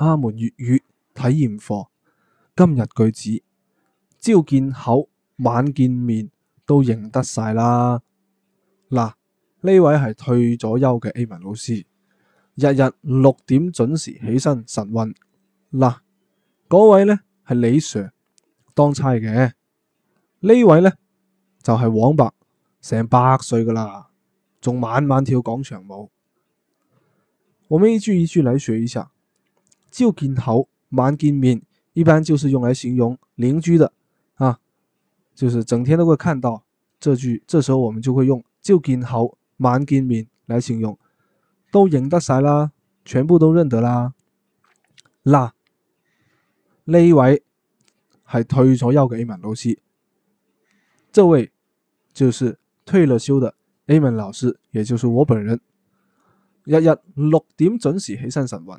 阿門粵語體驗課，今日句子，朝見口，晚見面，都認得晒啦。嗱，呢位係退咗休嘅 Amen 老師，日日六點準時起身晨運。嗱，嗰位呢係李 Sir 當差嘅，呢位呢，就係、是、王伯，成百歲噶啦，仲晚晚跳廣場舞。我咩一句一句嚟學一下。朝見口，晚見面，一般就是用來形容鄰居的，啊，就是整天都會看到。這句，這時候我們就會用朝見口，晚見面來形容，都認得晒啦，全部都認得啦。嗱，呢位係退咗休嘅 Amen 老師，這位就是退咗休嘅 Amen 老師，也就是我本人，日日六點準時起身晨運。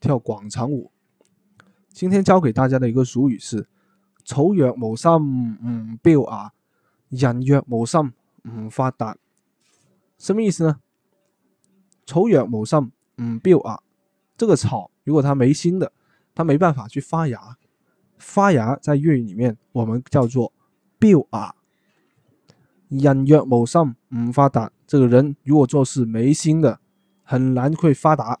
跳廣場舞。今天教給大家的一個俗語是：“草若無心唔標芽，人若無心唔發達。”什麼意思呢？草若無心唔標芽，這個草如果它沒心的，它沒辦法去發芽。發芽在粵語裏面我們叫做“標芽”。人若無心唔發達，這個人如果做事沒心的，很難會發達。